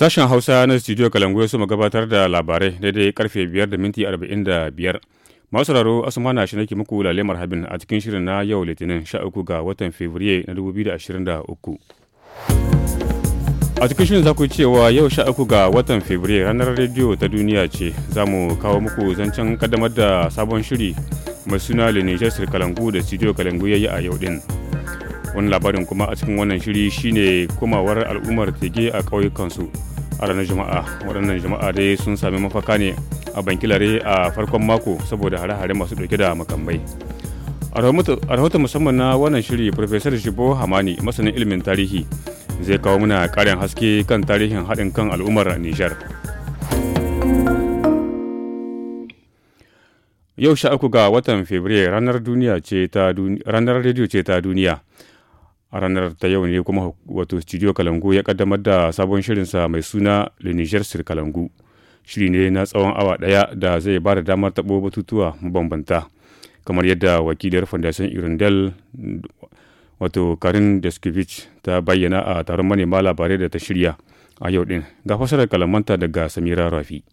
Sashen Hausa na Studio Kalangoyo su gabatar da labarai daidai karfe 5 da minti 45. Masu raro Asumana shi nake muku lalemar habin a cikin shirin na yau Litinin 13 ga watan Fabrairu na 2023. A cikin shirin za ku cewa yau 13 ga watan Fabrairu ranar rediyo ta duniya ce za mu kawo muku zancen kaddamar da sabon shiri mai suna Lenijar Kalangu da Studio Kalangu ya yi a yau din. wani labarin kuma a cikin wannan shiri shine komawar al'ummar tege a ƙauyukansu a ranar juma'a waɗannan juma'a dai sun sami mafaka ne a bankilare a farkon mako saboda hare-hare masu ɗauke da makamai a rahoton musamman na wannan shiri professor shibo hamani masanin ilimin tarihi zai kawo muna ƙarin haske kan tarihin haɗin kan al'ummar nijar yau sha uku ga watan fabrairu ranar rediyo ce ta duniya a ranar ta yau ne kuma wato studio kalangu ya kaddamar da sabon shirinsa mai suna le niger sir kalangu shiri ne na tsawon awa daya da zai ba da damar tabo batutuwa mabambanta kamar yadda wakilar fondation irundel wato karin deskivich ta bayyana a taron manema labarai da ta shirya a yau din ga fasarar kalamanta daga samira rafi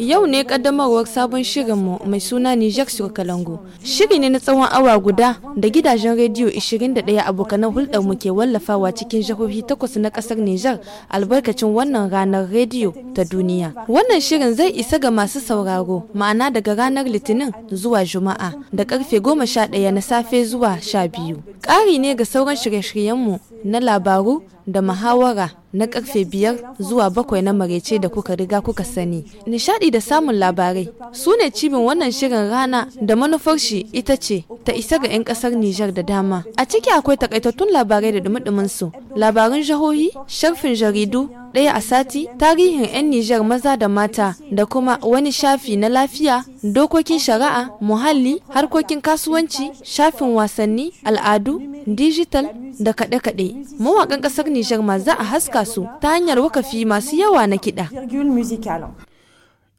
Yau ne kaddamarwar sabon shirinmu mai suna Nijar sur Kalango. Shiri ne na tsawon awa guda da gidajen rediyo 21 abokanan hulɗar mu ke wallafawa cikin jihohi takwas na ƙasar Nijar albarkacin wannan ranar rediyo ta duniya. Wannan shirin zai isa ga masu sauraro ma'ana daga ranar Litinin zuwa Juma'a da karfe 11 na safe zuwa 12. Ƙari ne ga sauran shirye-shiryenmu na labaru da muhawara na karfe biyar zuwa bakwai na marece da kuka riga kuka sani. Nishadi da samun labarai su ne cibin wannan shirin rana da manufar shi ita ce ta isa ga 'yan kasar Nijar da dama. A ciki akwai takaitattun labarai da dumi su labarin jihohi, sharfin jaridu, ɗaya a sati, tarihin 'yan Nijar maza da mata da kuma wani shafi na lafiya dokokin shari'a muhalli harkokin kasuwanci shafin wasanni al'adu dijital da kaɗe-kaɗe mawaƙan ƙasar nijar ma za a haska su ta hanyar wakafi masu yawa na kiɗa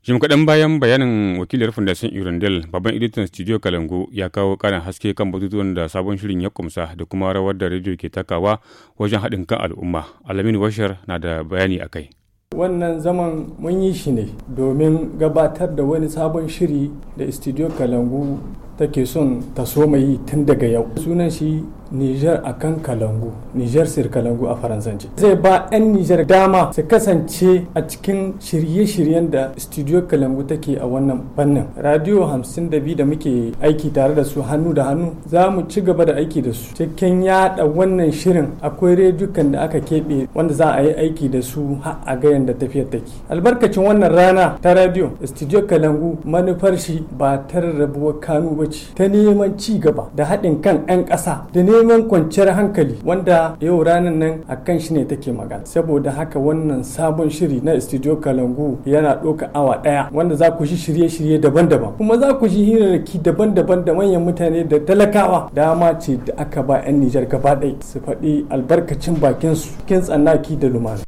jim kaɗan bayan bayanin wakilar fundasin irondel babban editan studio kalangu ya kawo ƙarin haske kan batutuwan da sabon shirin ya kumsa da kuma rawar da rediyo ke takawa wajen haɗin kan al'umma alamin washar na da bayani a kai wannan zaman mun yi shi ne domin gabatar da wani sabon shiri da studio kalangu take son ta so mai tun daga yau sunan shi Niger a kan Kalangu, Niger sir Kalangu a Faransanci. Zai ba 'yan Niger dama su kasance a cikin shirye-shiryen da Studio Kalangu take a wannan fannin. Radio 52 da muke aiki tare da su hannu da hannu za mu ci gaba da aiki da su. Cikin yada wannan shirin akwai redukan da aka keɓe wanda za a yi aiki da su har a ga da tafiyar take. Albarkacin wannan rana ta radio Studio Kalangu manufar shi ba ta rabuwar kanu ba ce ta neman ci gaba da haɗin kan 'yan ƙasa da ne neman kwanciyar hankali wanda yau ranar nan a kan shi ne take magana saboda haka wannan sabon shiri na studio kalangu yana ɗauka awa ɗaya wanda za ku ji shirye-shirye daban-daban kuma za ku ji hirarraki daban-daban da manyan mutane da talakawa dama ce da aka ba 'yan nijar gaba ɗaya su faɗi albarkacin bakin su kin tsanaki da lumana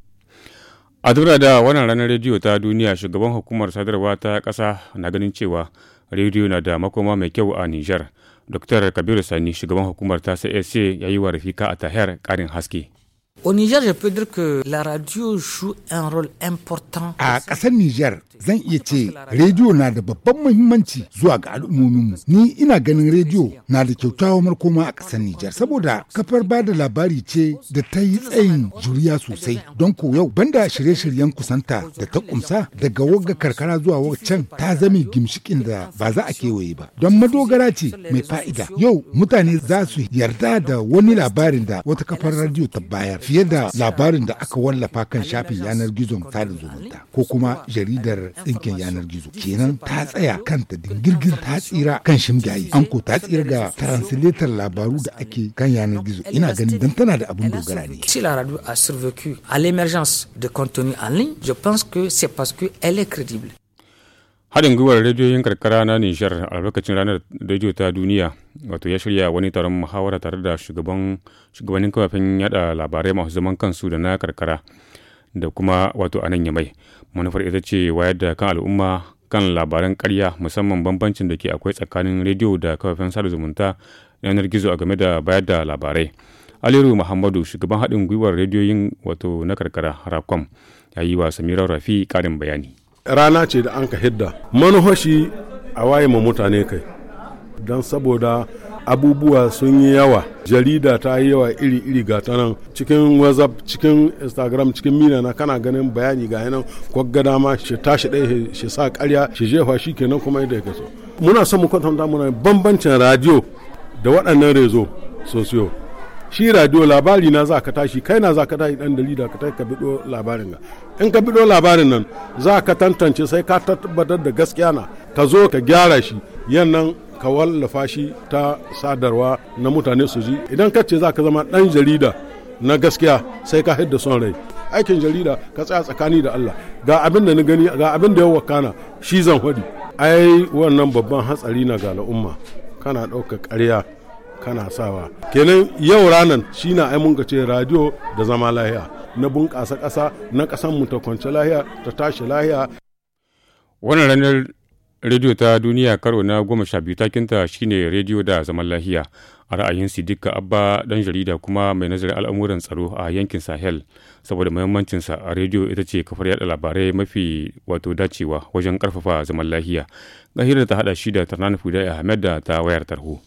a dura da wannan ranar rediyo ta duniya shugaban hukumar sadarwa ta ƙasa na ganin cewa rediyo na da makoma mai kyau a nijar Dr. Kabiru Sani, shugaban hukumar ta CSA ya yi wa Rafika a tahiyar ƙarin haske. Au Niger, je peux dire que la radio joue un rôle important. A ƙasar Niger, zan iya ce rediyo na da babban muhimmanci zuwa ga al'ummominmu. Ni ina ganin rediyo na da kyakkyawar koma a ƙasar Niger saboda kafar ba da labari ce da ta yi tsayin juriya sosai. Don ko yau banda shirye-shiryen kusanta da ta kumsa daga wagga karkara zuwa waccan ta zame gimshikin da ba za a kewaye ba. Don madogara ce mai fa'ida. Yau mutane za su yarda da wani labarin da wata kafar radio ta bayar. fiye da labarin da aka wallafa kan shafin yanar gizon sada zumunta ko kuma jaridar tsinkin yanar gizo kenan ta tsaya kanta dingirgin ta tsira kan shimgayi an ko ta tsira ga translator labaru da ake kan yanar gizo ina ganin dan tana da abin dogara ne si la radio a survécu à l'émergence de contenu en ligne je pense que c'est parce que elle est crédible haɗin gwiwar rediyoyin karkara na nijar albarkacin ranar rediyo ta duniya wato ya shirya wani taron muhawara tare da shugabannin kafafen yada labarai masu zaman kansu da na karkara da kuma wato a nan yamai manufar ita ce wayar da kan al'umma kan labaran karya musamman bambancin da ke akwai tsakanin rediyo da kafafen sada zumunta yanar gizo a game da bayar da labarai aliru muhammadu shugaban haɗin gwiwar rediyoyin wato na karkara rakom ya yi wa samira rafi ƙarin bayani rana ce da an ka hidda manuhashi a waye ma mutane kai don saboda abubuwa sun yi yawa jarida ta yi yawa iri-iri ga tanan, cikin whatsapp cikin instagram cikin mina na kana ganin bayani ga yanan kwagga dama shi tashi ɗaya shi sa karya shi jefa shi kenan kuma yadda ya kaso muna son mu kwatanta muna bambancin radio da waɗannan rezo sosiyo shi radio labari na za ka tashi kai na za ka tashi dan dalila ka tashi ka bido labarin ga in ka bido labarin nan za ka tantance sai ka tabbatar da gaskiya na ka zo ka gyara shi yannan ka wallafa shi ta sadarwa na mutane su ji idan ka ce za ka zama dan jarida na gaskiya sai ka hidda son rai aikin jarida ka tsaya tsakani da Allah ga abin da ni gani ga abin da ya wakana shi zan hadi ai wannan babban hatsari na ga al'umma kana ɗaukar ƙarya kana sawa kenan yau ranan shi na ai ce radio da zama lahiya na bunƙasa ƙasa na ƙasan mu ta kwance lahiya ta tashi lahiya wannan ranar rediyo ta duniya karo na goma sha biyu takinta shine rediyo da zaman lahiya a ra'ayin sidika abba dan jarida kuma mai nazarin al'amuran tsaro a yankin sahel saboda muhimmancinsa a rediyo ita ce kafar yada labarai mafi wato dacewa wajen karfafa zaman lahiya ga hira ta hada shi da tarnani fudai ahmed da ta wayar tarho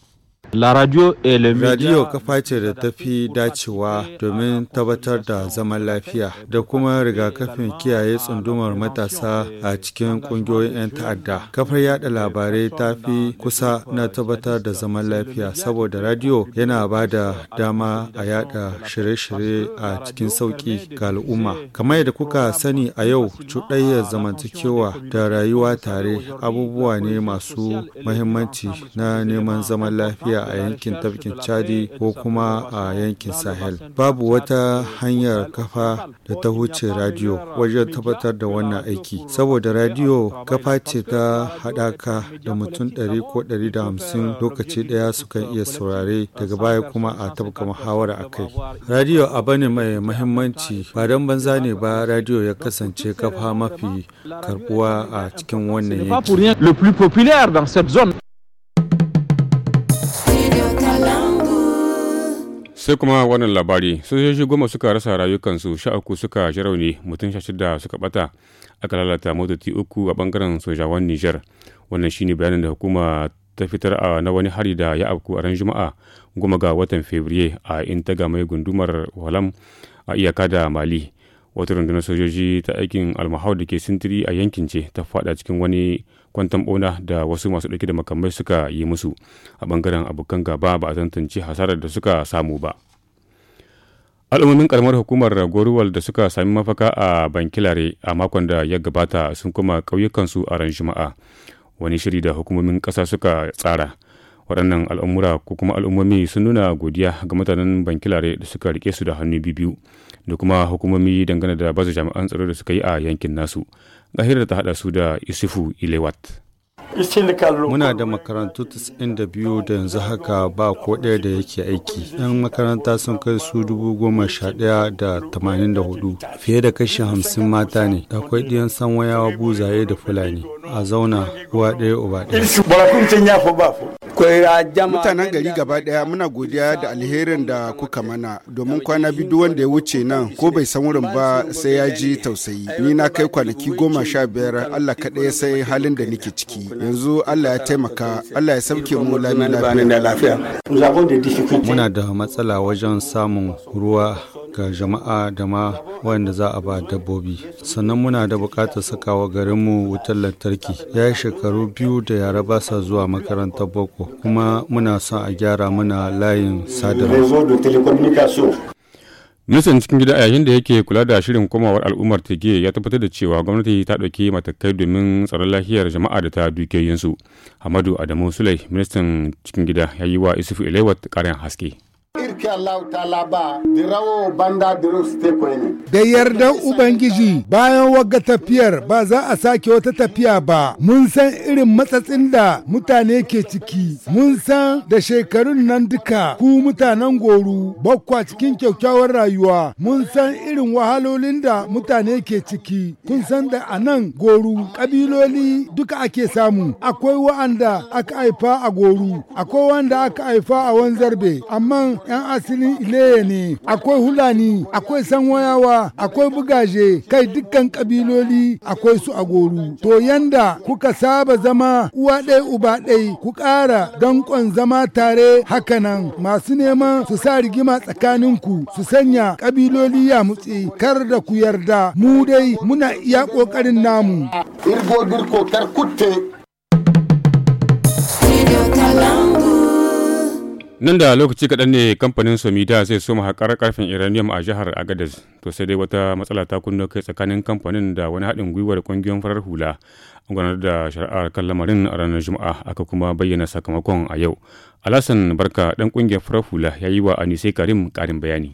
La radio radio kafa ce da ta fi dacewa domin tabbatar da zaman lafiya da kuma rigakafin kiyaye tsundumar matasa a cikin kungiyoyin 'yan ta'adda. Kafar yada labarai ta fi kusa na tabbatar da zaman lafiya saboda radio yana ba da dama a yada shirye-shirye a cikin sauki ga al'umma. Kamar yadda kuka sani a yau cuɗayyar zamantakewa da rayuwa tare abubuwa ne masu muhimmanci na neman zaman lafiya. a yankin tafkin Chadi ko kuma a yankin Sahel. Babu wata hanyar kafa da ta huce radiyo wajen tabbatar da wannan aiki. Saboda radiyo kafa ce ta haɗaka da mutum 100 ko hamsin lokaci ɗaya sukan iya saurare daga baya kuma a tabka muhawara a kai. Radiyo a bane mai mahimmanci ba don banza ne ba radiyo ya kasance kafa mafi karbuwa a cikin wannan yanki. sai kuma wannan labari sojoji goma suka rasa rayukansu sha uku suka ji rauni mutum sha shida suka bata aka lalata motoci uku a bangaren sojawan niger wannan shine bayanin da hukuma ta fitar a na wani hari da ya afku a ran juma'a goma ga watan fevrier a intaga mai gundumar walam a iyaka da mali wata rundunar sojoji ta aikin almahau da ke sintiri a yankin ce ta fada cikin wani kwantan bona da wasu masu ɗauke da makamai suka yi musu a bangaren abokan gaba ba a tantance hasarar da suka samu ba al'ummomin karamar hukumar goruwal da suka sami mafaka a bankilare a makon da ya gabata sun kuma ƙauyukansu a ran juma'a wani shiri da hukumomin ƙasa suka tsara waɗannan al'amura ko kuma al'ummomi sun nuna godiya ga mutanen bankilare da suka rike su da hannu biyu da kuma hukumomi dangane da baza jami'an tsaro da suka yi a yankin nasu ga da ta haɗa su da isifu ilewat Muna da makarantu 92 da yanzu haka ba ko ɗaya da yake aiki. 'Yan makaranta sun kai su dubu goma da da tamanin hudu. fiye da kashi hamsin mata ne. Akwai ɗiyan sanwayawa buzaye da fulani. A zauna uwa ɗaya uba ɗaya. mutanen gari gaba ɗaya muna godiya da alherin da kuka mana domin kwana biyu wanda ya wuce nan ko bai san wurin ba sai ya ji tausayi ni na kai kwanaki goma sha biyar allah kaɗai sai halin da nake ciki yanzu Allah ya taimaka Allah ya sauke mu lafiya. Muna da matsala wajen samun ruwa ga jama'a da ma wanda za a ba dabbobi. Sannan muna da bukatar sakawa garinmu wutar lantarki. Ya yi shekaru biyu da yara ba sa zuwa makaranta boko kuma muna son a gyara muna layin sadarwa. Ministan cikin gida yayin da yake kula da shirin komawar al'ummar Tige ya tabbatar da cewa gwamnati ta ɗauki matakai domin tsaron lafiyar jama'a da ta dukiyoyinsu. Hamadu Adamu Sulai, ministan cikin gida, ya yi wa Isufu Ilewat ƙarin haske. irke Allah ta'ala ba dirawo banda su ste koyni da yardan ubangiji bayan wagga tafiyar ba za a sake wata tafiya ba mun san irin matsatsin da mutane ke ciki mun san da shekarun nan duka ku mutanen goru bakwa cikin kyakkyawar rayuwa mun san irin wahalolin da mutane ke ciki kun san da a nan goru kabiloli duka ake samu akwai wa'anda aka haifa a goru akwai wanda aka haifa a wanzarbe amma 'yan asalin ileye ne, akwai hulani, akwai sanwayawa, akwai bugaje, kai dukkan kabiloli akwai su a goru. To yanda kuka saba zama uwa ɗaya uba ɗai ku ƙara danƙon zama tare hakanan masu neman su sa rigima tsakaninku su sanya kabiloli ya mutse kar da ku yarda mu dai muna iya ƙoƙarin namu. Irgo dirko kutte nan da lokaci kaɗan ne kamfanin somida zai soma haƙar karfin iranium a jihar agadez to sai dai wata matsala ta kunno kai tsakanin kamfanin da wani haɗin gwiwar ƙungiyar farar hula an da shari'ar kan lamarin a ranar juma'a aka kuma bayyana sakamakon a yau alasan barka ɗan ƙungiyar farar hula ya yi wa anise karim ƙarin bayani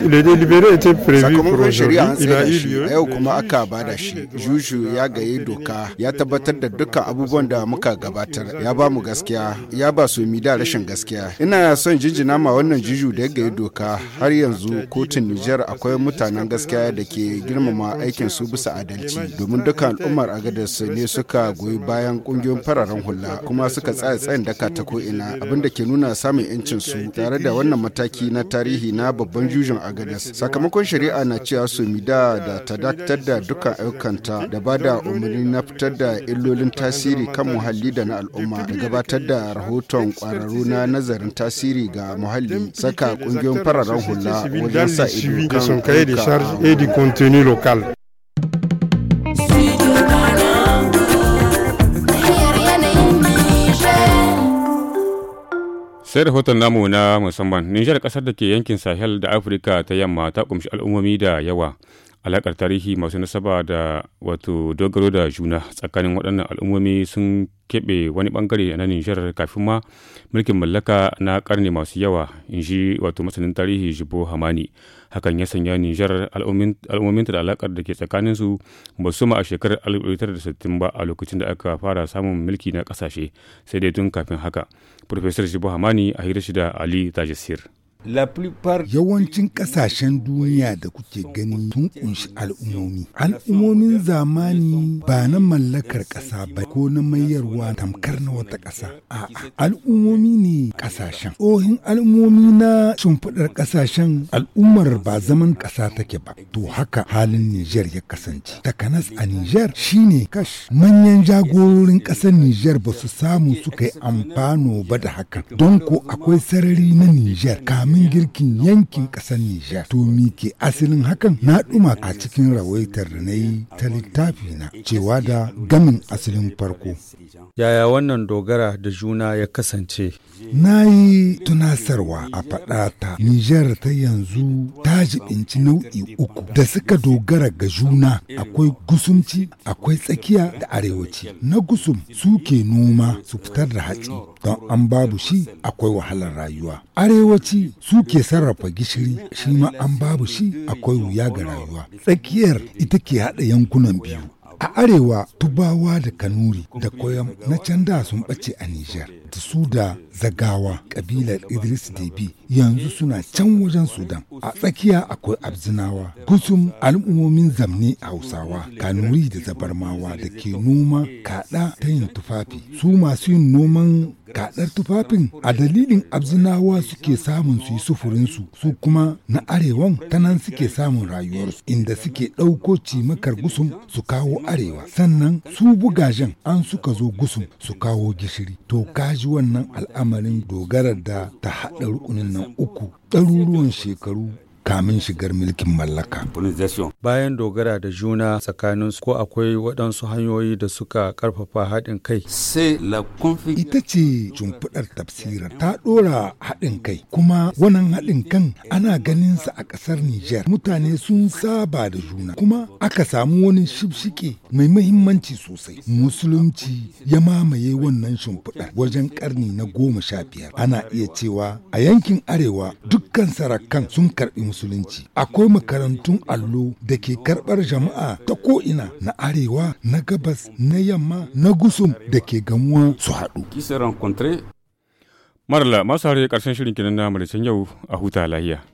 était shari'a an aujourd'hui, shi a yau kuma aka bada shi juju ya gaye doka ya tabbatar da dukkan abubuwan da muka gabatar ya ba mu gaskiya ya ba su mi da rashin gaskiya ina son jinjina ma wannan juju da ya gaye doka har yanzu kotun nijar akwai mutanen gaskiya da ke girmama aikin su bisa adalci domin dukkan al'ummar su ne suka goyi bayan kungiyoyin fararen hula kuma suka tsaya tsayin daka ta ko ina abinda ke nuna samun yancin su tare da wannan mataki na tarihi na babban jujun a gadas sakamakon shari'a na cewa su mida da ta dakatar da dukkan ayyukanta da ba da umarni na fitar da illolin tasiri kan muhalli da na al'umma da gabatar da rahoton kwararru na nazarin tasiri ga muhalli saka kungiyoyin fararen hula wajen sa ido kan sai rahoton namu na musamman nijar kasar da ke yankin sahel da afirka ta yamma ta kumshi al'ummomi da yawa alakar tarihi masu nasaba da wato dogaro da juna tsakanin waɗannan al'ummomi sun keɓe wani ɓangare na nijar kafin ma mulkin mallaka na karni masu yawa in ji wato masanin tarihi jibo hamani hakan ya sanya nijar al'umminta da alakar da ke tsakanin su ba su ma a shekarar 1960 ba a lokacin da aka fara samun mulki na kasashe sai dai tun kafin haka professor shibu hamani a hira shi ali tajisir Yawancin ƙasashen duniya da kuke gani sun kunshi al'ummomi. Al'ummomin zamani ba na mallakar ƙasa ba ko na mayarwa tamkar na wata ƙasa. A'a, al'ummomi ne ƙasashen. Tsohin al'ummomi na shimfiɗar ƙasashen al'ummar ba zaman ƙasa take ba. To haka halin Nijar ya kasance. Takanas a Nijar ne kash. Manyan jagororin ƙasar Nijar ba su samu suka yi amfano ba da hakan. Don ko akwai sarari na Nijar kamin domin girkin yankin ƙasar Nijar. To mi ke asalin hakan na ɗuma a cikin rawaitar da na yi ta littafi na cewa da gamin asalin farko. Yaya wannan dogara da juna ya kasance? Na yi tunasarwa a faɗata. Nijar ta yanzu ta jibinci nau'i uku da suka dogara ga juna akwai gusumci, akwai tsakiya da arewaci. Na gusum suke noma su fitar da hatsi don an babu shi akwai wahalar rayuwa arewaci suke sarrafa gishiri shi ma an babu shi akwai wuya ga rayuwa tsakiyar ita ke haɗa yankunan biyu a arewa tubawa da kanuri da koyam na can da sun ɓace a nijar da su da zagawa kabilar Idris Debi yanzu suna can wajen Sudan. A tsakiya akwai Abzinawa, Gusun, al'ummomin zamne Hausawa, kanuri da zabarmawa da ke noma kaɗa ta yin tufafi. Su masu yin noman kaɗar tufafin a dalilin Abzinawa suke samun su yi sufurinsu, su kuma na arewan ta nan suke samun rayuwarsu, inda suke ɗauko cimakar gusum su kawo arewa. Sannan su bugajen an suka zo gusum su kawo gishiri. To kaji ji wannan al'amarin dogarar da ta haɗa rukunin nan uku ɗaruruwan shekaru kamin shigar mulkin mallaka. Bayan dogara da juna tsakanin ko akwai waɗansu hanyoyi da suka ƙarfafa haɗin kai. Ita ce cumfuɗar tafsirar ta ɗora haɗin kai kuma wannan haɗin kan ana ganin sa a ƙasar Nijar. Mutane sun saba da juna kuma aka samu wani shibshike mai mahimmanci sosai. Musulunci ya mamaye wannan shimfiɗar wajen ƙarni na goma sha biyar. Ana iya cewa a yankin arewa dukkan sarakan sun karɓi musulunci akwai makarantun allo da ke karɓar jama'a ta ko'ina na arewa na gabas na yamma na gusum da ke gamuwa su haɗu marla masu hare ƙarshen shirin kinan na yau a huta lahiya